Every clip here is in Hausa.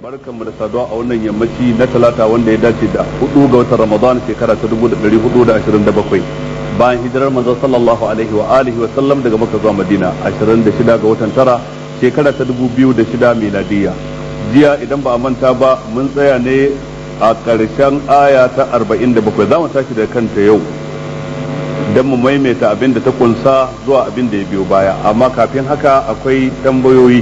barkan mu da saduwa a wannan yammaci na talata wanda ya dace da hudu ga watan ramadan shekara ta dubu da dari hudu da ashirin da bakwai bayan hijirar manzon sallallahu alaihi wa alihi wa sallam daga maka zuwa madina ashirin da shida ga watan tara shekara ta dubu biyu da shida miladiyya jiya idan ba a manta ba mun tsaya ne a ƙarshen aya ta arba'in da bakwai za mu tashi da kanta yau don mu maimaita abin da ta kunsa zuwa abin da ya biyo baya amma kafin haka akwai tambayoyi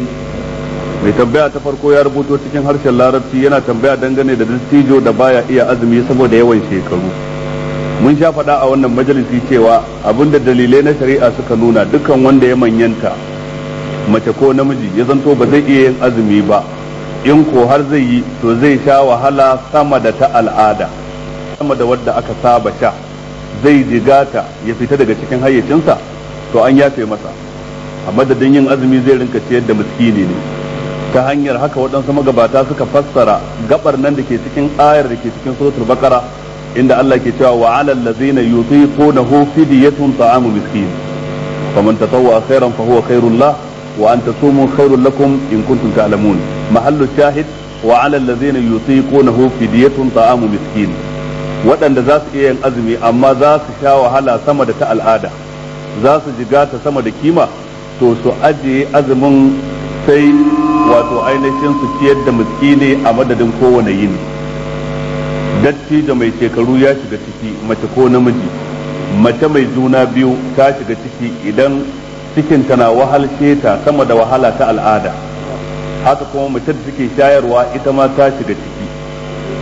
mai tambaya ta farko ya rubuto cikin harshen larabci yana tambaya dangane da dattijo da baya iya azumi saboda yawan shekaru mun sha faɗa a wannan majalisi cewa abinda dalilai na shari'a suka nuna dukkan wanda ya manyanta mace ko namiji ya zanto ba zai iya yin azumi ba in ko har zai yi to zai sha wahala sama da ta al'ada sama da wadda aka saba sha zai jigata ya fita daga cikin hayyacinsa to an yafe masa a madadin yin azumi zai rinka ciyar da miskini ne ta hanyar haka waɗansu magabata suka fassara gabar nan da ke cikin ayar da ke cikin suratul bakara inda Allah ke cewa wa alal ladzina yutiqunahu fidyatun ta'amu miskin faman tatawwa khairan fa huwa khairul lah wa an tasumu khairul lakum in kuntum ta'lamun mahallu shahid wa alal ladzina yutiqunahu fidyatun ta'amu miskin waɗanda za su iya yin azumi amma za su sha wahala sama da ta al'ada za su jigata sama da kima to su ajiye azumin sai wato ainihin su ciyar da miskini a madadin kowane yini da mai shekaru ya shiga ciki mace ko namiji mace mai juna biyu ta shiga ciki idan cikin tana wahalce ta sama da wahala ta al'ada haka kuma mace da take shayarwa ita ma ta shiga ciki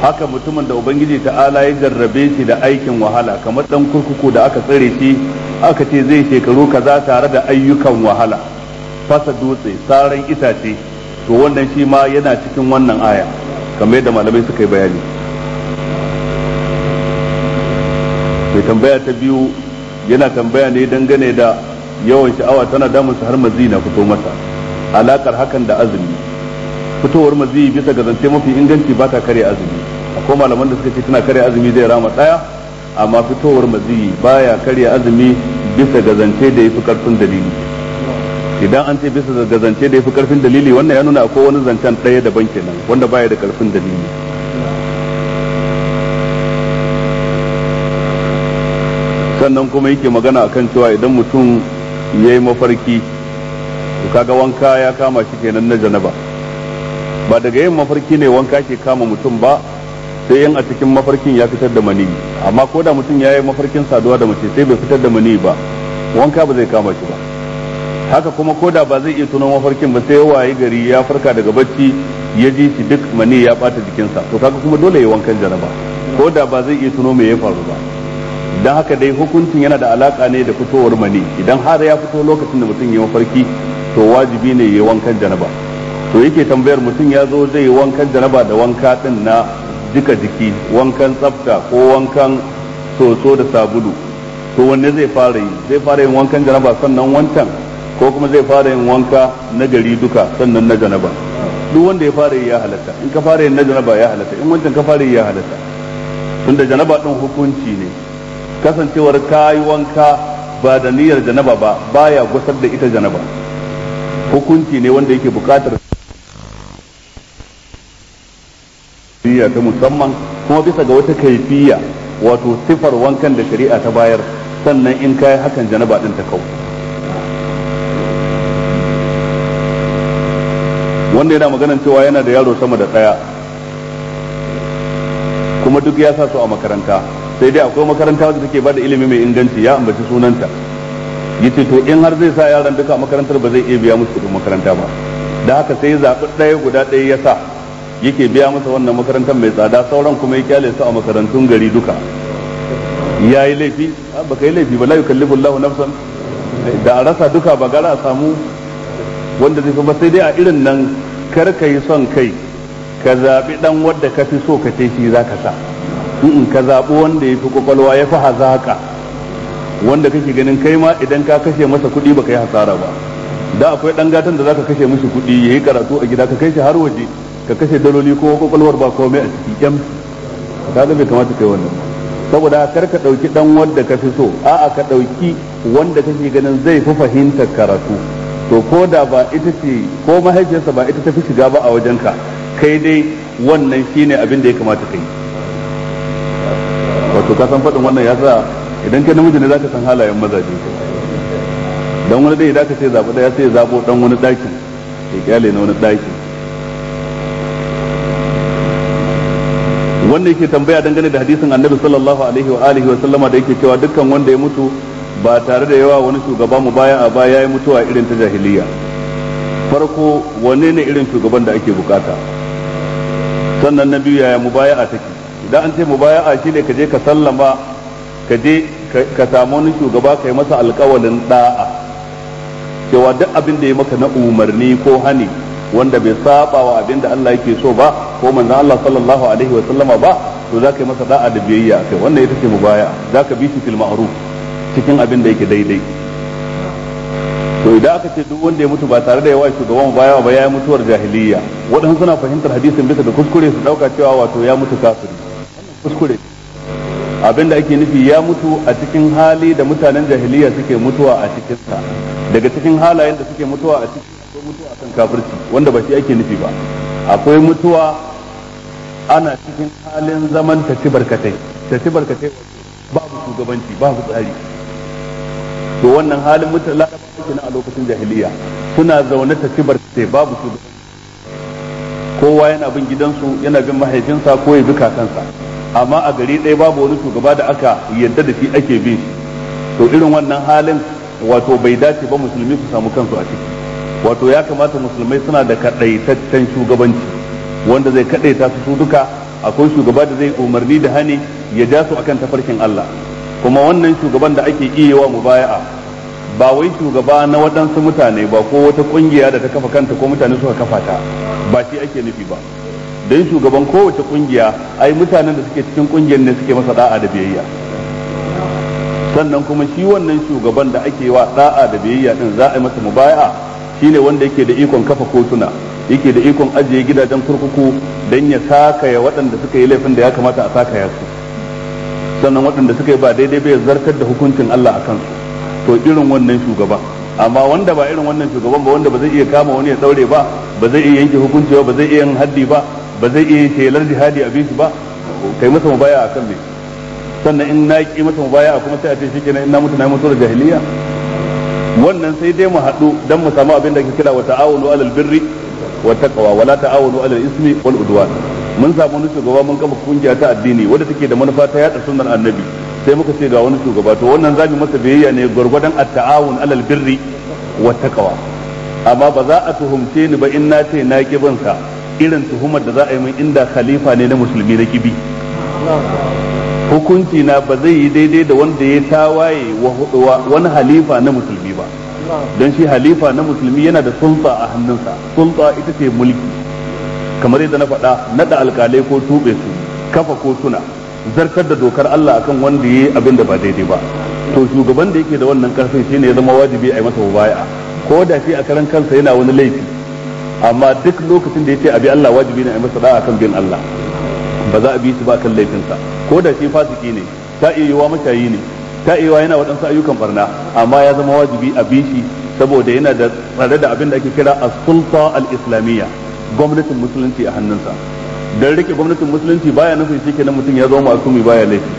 haka mutumin da ubangiji ta'ala ya jarrabe shi da aikin wahala kamar dan kurkuku da aka tsare shi aka ce zai shekaru kaza tare da ayyukan wahala fasa dutse saran itace to wannan shi ma yana cikin wannan aya kamar yadda malamai suka yi bayani mai tambaya ta biyu yana tambaya ne dangane da yawan sha'awa tana su har mazi na fito masa alakar hakan da azumi fitowar mazi bisa ga zance mafi inganci ba ta kare azumi akwai malaman da suka ce tana karya azumi zai rama daya amma fitowar mazi baya karya azumi bisa ga zance da ya fi karfin dalili idan an ce bisa ga zance da ya fi karfin dalili wannan ya nuna akwai wani zancen ɗaya daban kenan wanda baya da karfin dalili sannan kuma yake magana akan cewa idan mutum ya yi mafarki to kaga wanka ya kama shi kenan na janaba ba daga yin mafarki ne wanka ke kama mutum ba sai yin a cikin mafarkin ya fitar da mani amma ko da mutum ya yi mafarkin saduwa da mace sai bai fitar da mani ba wanka ba zai kama shi ba haka kuma koda ba zai iya tuno mafarkin ba sai waye gari ya farka daga bacci ya ji shi duk mani ya bata jikinsa to kaga kuma dole ya wankan jaraba koda ba zai iya tuno me ya faru ba dan haka dai hukuncin yana da alaka ne da fitowar mani idan har ya fito lokacin da mutum ya mafarki to wajibi ne ya wankan jaraba to yake tambayar mutum ya zo zai wankan jaraba da wanka din na duka jiki wankan tsafta ko wankan soso da sabulu to wanne zai fara yi zai fara yin wankan jaraba sannan wancan ko kuma zai fara yin wanka na gari duka sannan na janaba duk wanda ya fara yi ya halatta in ka fara yin na janaba ya halatta in wancan ka fara yi ya halatta tunda janaba din hukunci ne kasancewar ka yi wanka ba da niyyar janaba ba baya gusar da ita janaba hukunci ne wanda yake bukatar niyya ta musamman kuma bisa ga wata kaifiya wato sifar wankan da shari'a ta bayar sannan in kai hakan janaba din ta kawo wanda yana maganan cewa yana da yaro sama da ɗaya kuma duk ya sa su a makaranta sai dai akwai makaranta da take bada ilimi mai inganci ya ambaci sunanta yace to in har zai sa yaran duka a makarantar ba zai iya biya musu kuɗin makaranta ba da haka sai ya zaɓi ɗaya guda ɗaya ya sa yake biya masa wannan makarantar mai tsada sauran kuma ya kyale su a makarantun gari duka ya yi laifi ah, ba ka yi laifi ba la yukallifu Allahu nafsan da a rasa duka ba gara a samu wanda zai ba sai dai a irin nan kar ka yi son kai ka zaɓi ɗan wadda ka fi so ka ce shi za ka sa in ka zaɓi wanda ya fi kwakwalwa ya fi hazaƙa wanda kake ganin kai ma idan ka kashe masa kuɗi baka yi hasara ba da akwai ɗan gatan da za ka kashe mishi kuɗi ya yi karatu a gida ka kai shi har waje ka kashe daloli ko kwakwalwar ba komai a ciki yan ka ga bai kamata kai wannan saboda kar ka ɗauki ɗan wadda ka fi so a'a ka ɗauki wanda kake ganin zai fi fahimtar karatu to ko da ba ita ce ko mahaifiyarsa ba ita ta fi shiga ba a wajenka kai dai wannan shine abin da ya kamata kai wato ka san faɗin wannan ya sa idan kai namiji ne zaka san halayen mazaje dan wani dai zaka ce zabi daya sai zabo dan wani ɗakin ya kyale na wani ɗakin wannan yake tambaya dangane da hadisin annabi sallallahu alaihi wa alihi wa sallama da yake cewa dukkan wanda ya mutu ba tare da yawa wani shugaba mu baya a baya ya mutuwa irin ta jahiliya farko wanne ne irin shugaban da ake bukata sannan na biyu yaya mubaya'a take idan an ce mubaya'a shine ka je ka sallama ka je ka samu wani shugaba kai masa alkawalin da'a cewa duk abin da ya maka na umarni ko hani wanda bai saba wa abin da Allah yake so ba ko manzon Allah sallallahu alaihi wa sallama ba to zaka yi masa da'a da biyayya kai wannan ita ce mubaya'a zaka bi shi fil ma'ruf cikin abin da yake daidai to idan aka ce duk wanda ya mutu ba tare da yawa shugaban baya ba ya mutuwar jahiliya waɗansu suna fahimtar hadisin bisa da kuskure su ɗauka cewa wato ya mutu kafiri kuskure abin da ake nufi ya mutu a cikin hali da mutanen jahiliya suke mutuwa a cikinsa daga cikin halayen da suke mutuwa a cikin akwai mutuwa kan kafirci wanda ba shi ake nufi ba akwai mutuwa ana cikin halin zaman tafi barkatai tafi barkatai babu shugabanci babu tsari to wannan halin mutane larabawa a lokacin jahiliya suna zaune ta kibar ce babu su kowa yana bin gidansu yana bin mahaifinsa ko ya bi kakansa amma a gari ɗaya babu wani shugaba da aka yadda da shi ake bin to irin wannan halin wato bai dace ba musulmi su samu kansu a ciki wato ya kamata musulmai suna da kaɗaitaccen shugabanci wanda zai kaɗaita su duka akwai shugaba da zai umarni da hani ya ja su akan tafarkin Allah kuma wannan shugaban da ake iya wa mubaya'a ba wai shugaba na waɗansu mutane ba ko wata ƙungiya da ta kafa kanta ko mutane suka kafa ta ba shi ake nufi ba don shugaban kowace ƙungiya ai mutanen da suke cikin ƙungiyar ne suke masa da'a da biyayya sannan kuma shi wannan shugaban da ake wa da'a da biyayya din za a yi masa mubaya'a ne wanda yake da ikon kafa kotuna yake da ikon ajiye gidajen kurkuku don ya sakaya waɗanda suka yi laifin da ya kamata a sakaya su sannan waɗanda suka yi ba daidai bai zartar da hukuncin Allah a kansu to irin wannan shugaban amma wanda ba irin wannan shugaban ba wanda ba zai iya kama wani ya daure ba ba zai iya yanke hukunci ba ba zai iya yin haddi ba ba zai iya shelar jihadi a bishi ba kai masa mubaya kan me sannan in na ki masa mubaya kuma sai a ce kenan in na mutu na mutu da jahiliya wannan sai dai mu haɗu dan mu samu abin da ake kira wa ta'awunu alal birri wa taqwa wala ta'awunu alal ismi wal udwan mun samu wani shugaba mun kafa kungiya ta addini wadda take da manufa ta yada sunnar annabi sai muka ce ga wani shugaba to wannan mu masa biyayya ne gurgurdan at-ta'awun alal birri wa taqwa amma ba za a tuhumce ni ba in na ce na kibin irin tuhumar da za a yi min inda khalifa ne na musulmi na kibi hukunci na ba zai yi daidai da wanda ya tawaye wani halifa na musulmi ba don shi halifa na musulmi yana da sulta a hannunsa sulta ita ce mulki kamar yadda na faɗa naɗa alƙalai ko tuɓe su kafa ko kotuna zartar da dokar Allah akan wanda yi abin da ba daidai ba to shugaban da yake da wannan shi ne ya zama wajibi a yi masa baya. ko da shi a karan kansa yana wani laifi amma duk lokacin da ya ce abi Allah wajibi ne a yi masa da'a kan bin Allah ba za a bi shi ba kan laifinsa ko da shi fasiki ne ta iya yiwa mashayi ne ta iya yiwa yana waɗansu ayyukan barna amma ya zama wajibi a bi shi saboda yana da tsare da abin da ake kira as-sulta al-islamiyya gwamnatin musulunci a hannunsa dan rike gwamnatin musulunci baya nufin shi kenan mutum ya zama ma'asumi baya laifi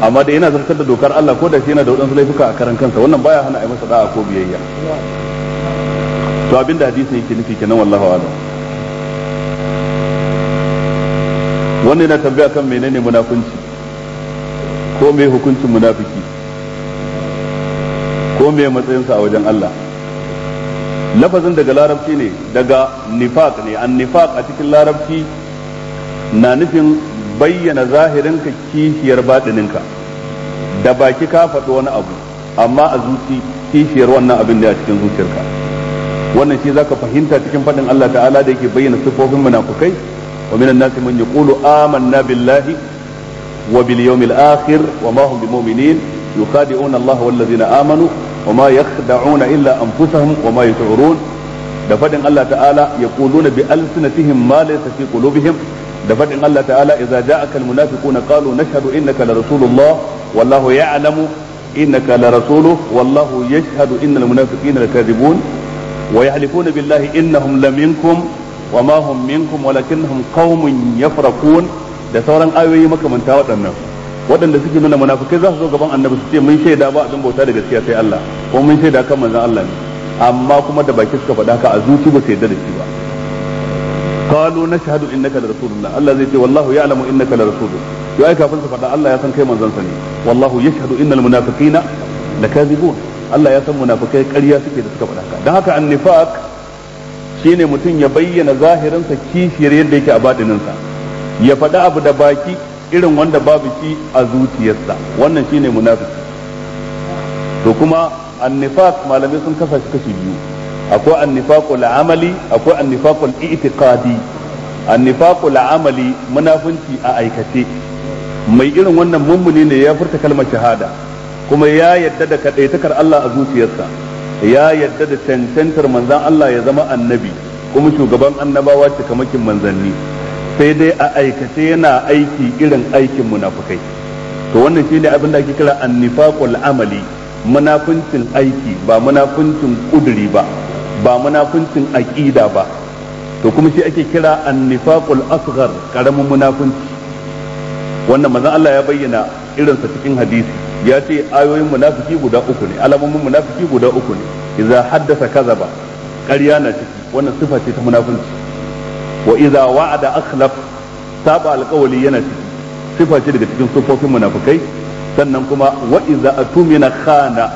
amma da yana zartar da dokar Allah ko da shi yana da wadansu laifuka a karan kansa wannan baya hana a yi masa da'a ko biyayya to abinda hadisi yake nufi kenan wallahu a'lam wannan yana tambaya kan menene munafunci ko me hukuncin munafiki ko me matsayinsa a wajen Allah lafazin daga larabci ne daga nifaq ne an nifaq a cikin larabci na nufin bayyana zahirinka kishiyar batininka da baki ka faɗi wani abu amma a zuci kishiyar wannan abin da a cikin zuciyarka wannan shi zaka fahimta cikin faɗin Allah ta'ala da yake bayyana sifofin munafukai wa minan nasi man yaqulu amanna billahi wa bil yawmil akhir wa ma hum bimu'minin yukhadi'una Allah wal ladzina amanu وما يخدعون إلا أنفسهم وما يشعرون da faɗin Allah ta'ala ya kuluna bi alsinatihim ma laysa fi qulubihim da faɗin Allah ta'ala idza ja'aka almunafiquna qalu nashhadu innaka la rasulullah wallahu ya'lamu innaka la rasuluhu wallahu yashhadu innal munafiqina lakadibun wa yahlifuna billahi innahum laminkum wa ma hum minkum walakinnahum qaumun yafraqun da sauran ayoyi makamanta waɗannan waɗanda suke nuna munafukai za su zo gaban annabi su ce mun shaida ba abin bauta da gaskiya sai Allah ko mun shaida kan manzon Allah ne amma kuma da baki suka faɗa ka a zuci ba su yarda da shi ba qalu nashhadu innaka rasulullah Allah zai ce wallahu ya'lamu innaka larasulullah to ai kafin su faɗa Allah ya san kai manzon sa ne wallahu yashhadu innal munafiqina lakazibun Allah ya san munafukai ƙarya suke da suka faɗa ka dan haka annifaq shine mutum ya bayyana zahirinsa kishiyar yadda yake a batininsa ya faɗa abu da baki irin wanda babu shi a zuciyarsa wannan shine munafiki to kuma annifaq malamai sun kasa shi kashi biyu akwai annifaqul amali akwai annifaqul i'tiqadi annifaqul amali munafunci a aikace mai irin wannan mummuni ne ya furta kalmar shahada kuma ya yadda da kadaitakar Allah a zuciyarsa ya yadda da cancantar manzon Allah ya zama annabi kuma shugaban annabawa cikamakin manzanni sai dai a aikace yana aiki irin aikin munafukai to wannan shine abin da ake kira nifakul amali munafuncin aiki ba munafuncin kuduri ba ba munafuncin aƙida ba to kuma shi ake kira nifakul asghar karamin munafunci wannan manzon Allah ya bayyana irinsa cikin hadisi ya ce ayoyin munafiki guda uku ne alamomin munafiki guda uku ne idza haddasa kazaba ƙarya na ciki wannan sifa ce ta munafunci wa idza wa'ada akhlaf saba alqawli yana sifa ce daga cikin sufofin munafikai sannan kuma wa idza atumina khana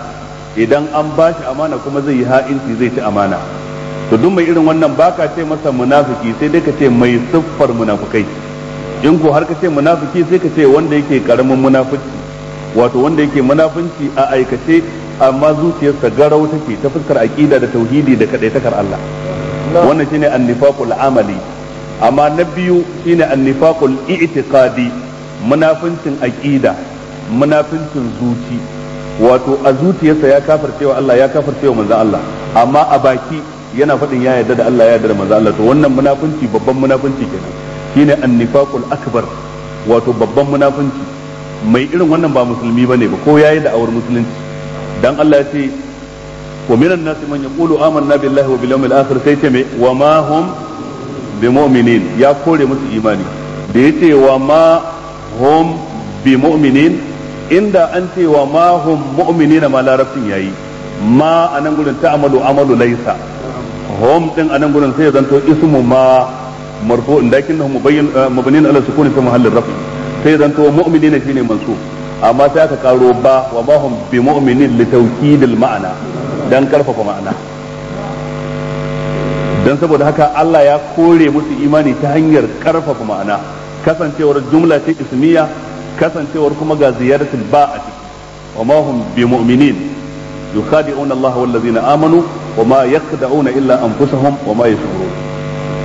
idan an ba shi amana kuma zai yi ha'inci zai ci amana to duk mai irin wannan baka ce masa munafiki sai dai ka ce mai siffar munafikai in ko har ka ce munafiki sai ka ce wanda yake karamin munafiki wato wanda yake munafinci a aikace amma zuciyarsa garau take ta fuskar aqida da tauhidi da kadaitakar Allah wannan shine annifaqul amali amma na biyu shine annifaqul i'tiqadi munafincin aqida munafincin zuci wato a zuciyarsa ya kafircewa Allah ya kafircewa manzon Allah amma a baki yana faɗin ya yarda da Allah ya yarda da manzon Allah to wannan munafinci babban munafinci kenan shine annifaqul akbar wato babban munafinci mai irin wannan ba musulmi bane ba ko yayi da awar musulunci dan Allah ya ce wa minan nasi man yaqulu amanna billahi wa bil yawmil akhir sai ce me wa ma hum bi mu'minin ya kore musu imani da yace wa ma hum bi mu'minin inda an ce wa ma hum mu'minina ma larabcin yayi ma anan gurin ta amalu amalu laisa hum din anan gurin sai zanto ismu ma marfu lakinnahu mubayyin eh, mabnin ala sukuni fi mahalli rafi sai zanto mu'minina shine mansub amma sai aka karo ba wa ma hum bi mu'minin li tawkidil ma'ana dan karfafa ma'ana don saboda haka Allah ya kore musu imani ta hanyar karfafa ma'ana kasancewar jumla ce ismiya kasancewar kuma ga ziyaratul ba a ciki wa ma hum bi mu'minin yukhadi'una Allah wal ladina amanu wa ma yakhda'una illa anfusahum wa ma yashurun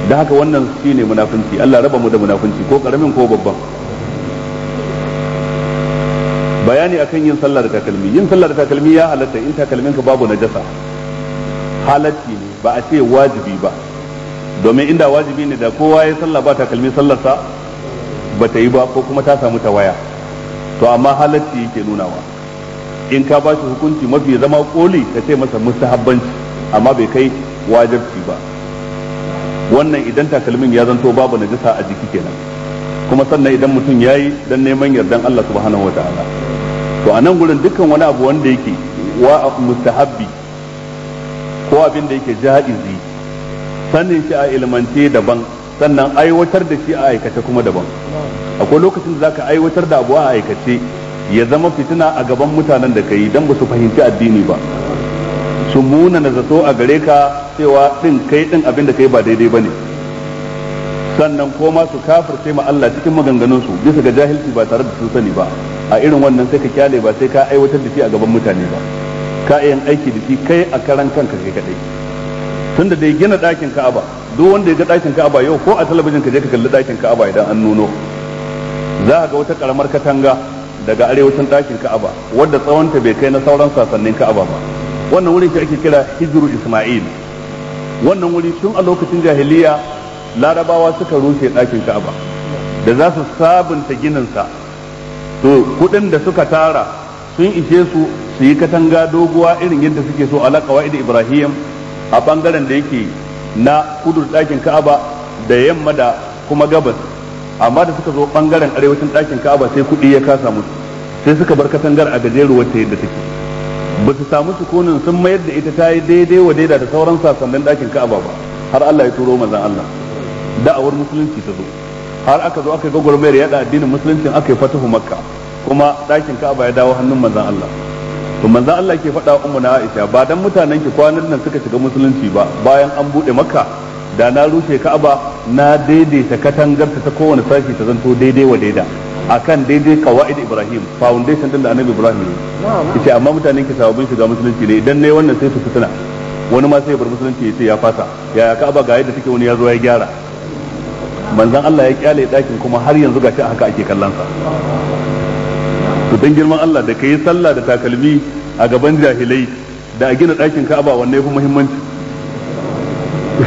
da haka wannan shine munafunci Allah raba mu da munafunci ko karamin ko babban bayani akan yin sallah da takalmi yin sallah da takalmi ya halatta in takalminka babu najasa halatti ne ba a ce wajibi ba domin inda wajibi ne da kowa ya sallah ba takalmi sallarsa ba ta yi ba ko kuma ta samu ta waya to amma halatti yake nunawa in ka ba shi hukunci mafi zama koli ka ce masa mustahabbanci amma bai kai wajibci ba wannan idan takalmin ya zanto babu najasa a jiki kenan kuma sannan idan mutum ya yi dan neman yardan Allah subhanahu wa ta'ala to a nan gurin dukkan wani abu wanda yake wa mustahabbi ko abin da yake ja'izi sanin shi a ilmance daban sannan aiwatar da shi a aikace kuma daban akwai lokacin da zaka aiwatar da abu a aikace ya zama fitina a gaban mutanen da kai dan ba su fahimci addini ba su muna na zato a gare ka cewa din kai din abin da kai ba daidai ne sannan ko ma su kafirce ma Allah cikin maganganun su bisa ga jahilci ba tare da sun sani ba a irin wannan sai ka kyale ba sai ka aiwatar da shi a gaban mutane ba ka yin aiki da shi kai a karan kanka kai kadai tunda dai gina ɗakin Ka'aba duk wanda ya ga ɗakin Ka'aba yau ko a talabijin ka je ka kalli ɗakin Ka'aba idan an nuno za ka ga wata karamar katanga daga arewacin ɗakin Ka'aba wadda tsawonta bai kai na sauran sasannin Ka'aba ba wannan wurin shi ake kira Hijru Isma'il wannan wuri tun a lokacin jahiliya larabawa suka rushe ɗakin Ka'aba da za su sabunta ginin sa to kuɗin da suka tara sun ishe su su yi katanga doguwa irin yadda suke so ala qawaid ibrahim a bangaren da yake na kudur dakin ka'aba da yamma da kuma gabas amma da suka zo bangaren arewacin dakin ka'aba sai kuɗi ya kasa musu sai suka bar katangar a gajeru ta yadda take ba su samu sukunin sun mayar da ita ta yi daidai wa daida da sauran sasannin dakin ka'aba ba har Allah ya turo manzon Allah da'awar musulunci ta zo har aka zo aka yi gwagwarmayar yada addinin musulunci aka yi fatahu makka kuma ɗakin ka'aba ya dawo hannun manzon Allah to manzo Allah ke faɗa ummu na Aisha ba dan mutanen ki kwanan nan suka shiga musulunci ba bayan an bude makka da na rushe Ka'aba na daidaita katangar ta kowane sashi ta zanto daidai wa daida akan daidai kawaid Ibrahim foundation din da Annabi Ibrahim ne yace amma mutanen ki sababin shiga musulunci ne idan ne wannan sai su fitina wani ma sai ya bar musulunci ya ce ya fasa yaya Ka'aba ga yadda take wani ya ya gyara manzon Allah ya kyale dakin kuma har yanzu gashi haka ake kallon sa to dan girman Allah da kai sallah da takalmi a gaban jahilai da a gina ɗakin Ka'aba wanne yafi muhimmanci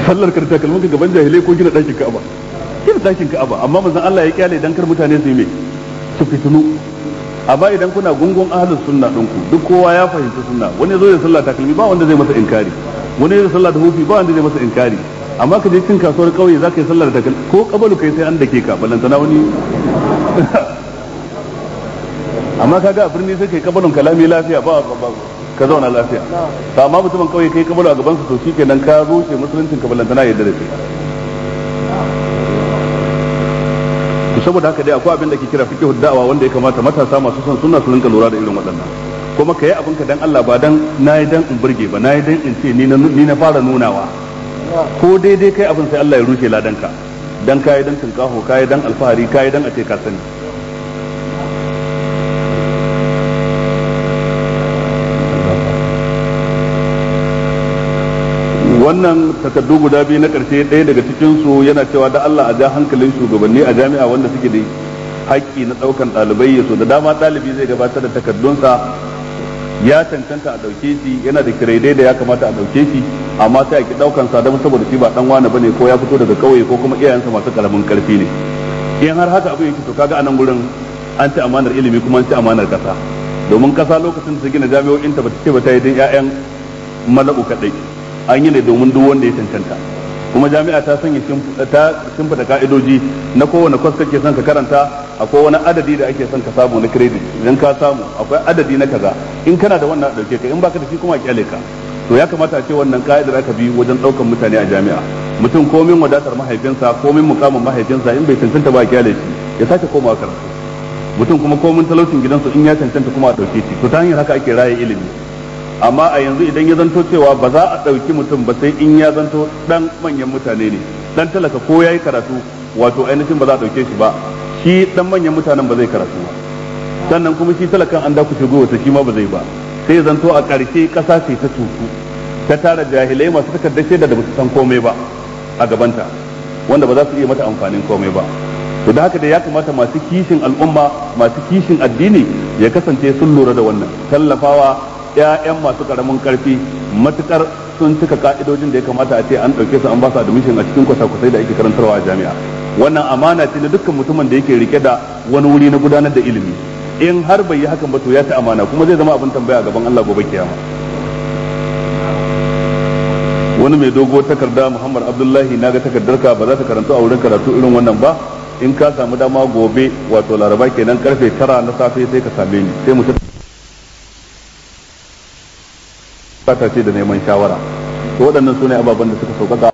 sallar ka da takalmin ka gaban jahilai ko gina ɗakin Ka'aba gina ɗakin Ka'aba amma manzon Allah ya kyale dan kar mutane su yi me su fitinu amma idan kuna gungun ahlus sunna ɗinku duk kowa ya fahimci sunna wani zo ya sallah takalmi ba wanda zai masa inkari wani zai sallah da hufi ba wanda zai masa inkari amma ka je cin kasuwar kauye za ka yi sallah da takalmi ko kabalu kai sai an dake ka balantana wani amma ga a birni sai kai kabarin kalami lafiya ba ka zauna lafiya to amma mutumin kawai kai kabarin a gaban su to kenan ka rushe musuluncin ka ballantana yadda da shi saboda haka dai akwai abin da ke kira fiqhu da'awa wanda ya kamata matasa masu son sunna su rinka lura da irin waɗannan kuma ka yi abin ka dan Allah ba dan na yi dan in burge ba na yi dan in ce ni na fara nunawa ko daidai kai abin sai Allah ya rushe ladanka dan kayi dan tunkaho kayi dan alfahari kayi dan a ce ka sani wannan takardu guda biyu na ƙarshe ɗaya daga cikin su yana cewa da Allah a ja hankalin shugabanni a jami'a wanda suke da haƙƙi na ɗaukan ɗalibai ya so da dama ɗalibi zai gabatar da takardunsa ya cancanta a ɗauke shi yana da kiraidai da ya kamata a ɗauke shi amma sai a ki ɗaukan sa don saboda shi ba ɗan wani bane ko ya fito daga ƙauye ko kuma iyayensa masu ƙaramin ƙarfi ne in har haka abu yake to kaga a anan wurin an ci amanar ilimi kuma an ci amanar ƙasa domin ƙasa lokacin da su gina jami'o'in ta ba ta ce ba ta yi don 'ya'yan mala'u kaɗai an yi ne domin duk wanda ya cancanta kuma jami'a ta sanya ta shimfata ka'idoji na kowane kwas kake son ka karanta akwai wani adadi da ake son ka samu na kredit idan ka samu akwai adadi na kaza in kana da wannan dauke ka in baka da shi kuma a kyale ka to ya kamata a ce wannan ka'idar aka bi wajen daukan mutane a jami'a mutum komin wadatar mahaifinsa komin mukamin mahaifinsa in bai cancanta ba a kyale shi ya sake komawa karatu mutum kuma komin talaucin gidansu in ya cancanta kuma a dauke shi to ta hanyar haka ake raye ilimi amma a yanzu idan ya zanto cewa ba za a ɗauki mutum ba sai in ya zanto ɗan manyan mutane ne ɗan talaka ko ya yi karatu wato ainihin ba za a ɗauke shi ba shi ɗan manyan mutanen ba zai karatu ba sannan kuma shi talakan an dakushe ta shi ma ba zai ba sai ya zanto a ƙarshe ƙasa ce ta cutu ta tara jahilai masu takardar shaida da ba san komai ba a gabanta wanda ba za su iya mata amfanin komai ba to da haka da ya kamata masu kishin al'umma masu kishin addini ya kasance sun lura da wannan tallafawa ƴaƴan masu karamin ƙarfi matuƙar sun cika ka'idojin da ya kamata a ce an ɗauke su an ba su admission a cikin kwasa-kwasai da ake karantarwa a jami'a wannan amana ce na dukkan mutumin da yake rike da wani wuri na gudanar da ilimi in har bai yi hakan ba to ya ta amana kuma zai zama abin tambaya gaban Allah gobe kiyama wani mai dogo takarda Muhammad Abdullahi na ga takardarka ba za ta karanta a wurin karatu irin wannan ba in ka samu dama gobe wato laraba kenan karfe tara na safe sai ka same ni sai mu fata ce da neman shawara to waɗannan ne ababen da suka sauƙaƙa